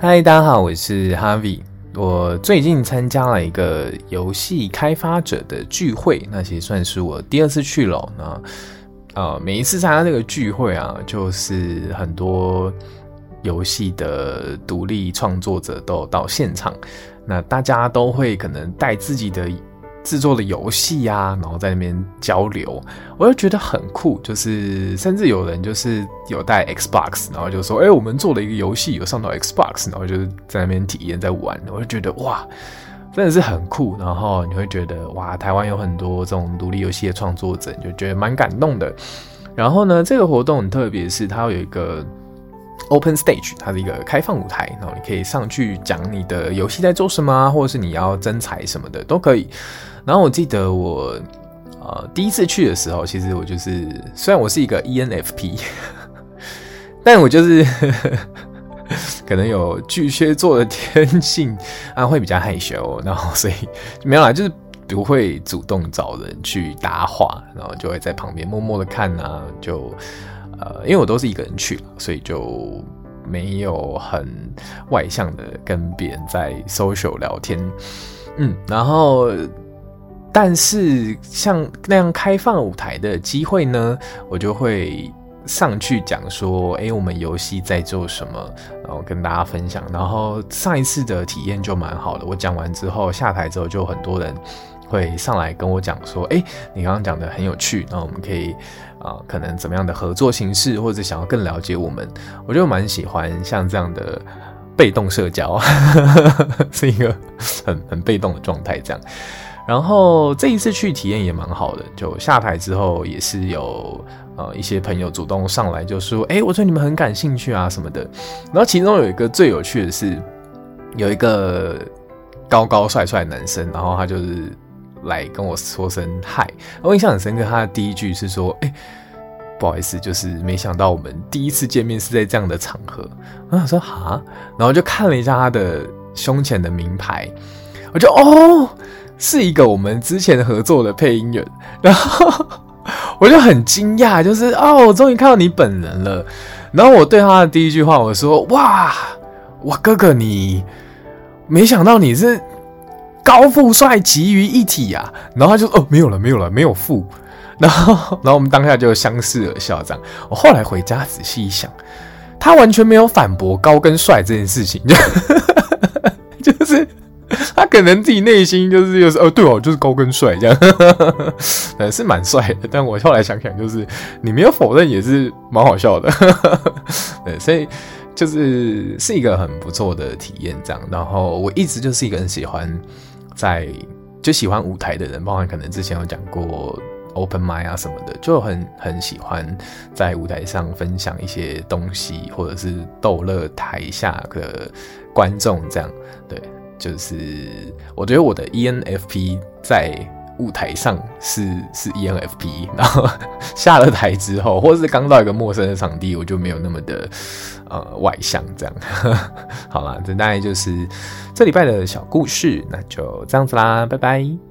嗨，Hi, 大家好，我是 Harvie 我最近參加了一個遊戲開發者的聚會，那其實算是我第二次去了。那啊、呃，每一次參加這個聚會啊，就是很多遊戲的獨立創作者都到現場，那大家都會可能帶自己的。製作的遊戲呀，然後在那邊交流，我就覺得很酷。就是甚至有人就是有帶 Xbox，然後就說：“哎、欸，我們做了一個遊戲，有上到 Xbox，然後就是在那邊體驗在玩。”我就覺得哇，真的是很酷。然後你會覺得哇，台灣有很多這種獨立遊戲的創作者，你就覺得蠻感動的。然後呢，這個活動很特別，是它有一個。Open Stage，它是一個開放舞台，然後你可以上去講你的遊戲在做什麼啊，或者是你要徵才什麼的都可以。然後我記得我，呃，第一次去的時候，其實我就是，雖然我是一個 ENFP，但我就是呵呵可能有巨蟹座的天性，啊，會比較害羞，然後所以沒有啦，就是不會主動找人去搭話，然後就會在旁邊默默的看啊，就。呃，因為我都是一個人去了，所以就沒有很外向的跟別人在 social 聊天，嗯，然後，但是像那樣開放舞台的機會呢，我就會上去講說，哎、欸，我們遊戲在做什麼，然後跟大家分享。然後上一次的體驗就蠻好的，我講完之後下台之後就很多人。會上來跟我講說，哎，你剛剛講的很有趣，那我們可以啊、呃，可能怎麼樣的合作形式，或者想要更了解我們，我就蠻喜歡像這樣的被動社交， 是一個很很被動的狀態這樣。然後這一次去體驗也蠻好的，就下台之後也是有呃一些朋友主動上來就說，哎，我對你們很感興趣啊什麼的。然後其中有一個最有趣的是，有一個高高帥帥的男生，然後他就是。來跟我說聲嗨，我印象很深刻。他的第一句是說：“哎、欸，不好意思，就是沒想到我們第一次見面是在這樣的場合。我”我想說哈，然後就看了一下他的胸前的名牌，我就哦，是一個我們之前合作的配音員。然後我就很驚訝，就是哦，我終於看到你本人了。然後我對他的第一句話我說：“哇，哇哥哥你，你沒想到你是。”高富帥集於一體啊，然後他就哦，沒有了，沒有了，沒有富，然後然後我們當下就相視而笑。這樣，我後來回家仔細一想，他完全沒有反駁高跟帥這件事情， 就是他可能自己內心就是有時候哦對哦，就是高跟帥這樣， 是蠻帥的。但我後來想想，就是你沒有否認也是蠻好笑的， 對，所以就是是一個很不錯的體驗。這樣，然後我一直就是一個很喜歡。在就喜歡舞台的人，包含可能之前有講過 open mic 啊什麼的，就很很喜歡在舞台上分享一些東西，或者是逗樂台下的觀眾，這樣對，就是我覺得我的 ENFP 在。舞台上是是 ENFP。然後 下了台之後，或是剛到一個陌生的場地，我就沒有那麼的呃外向這樣。 好啦，這大概就是這禮拜的小故事，那就這樣子啦，拜拜。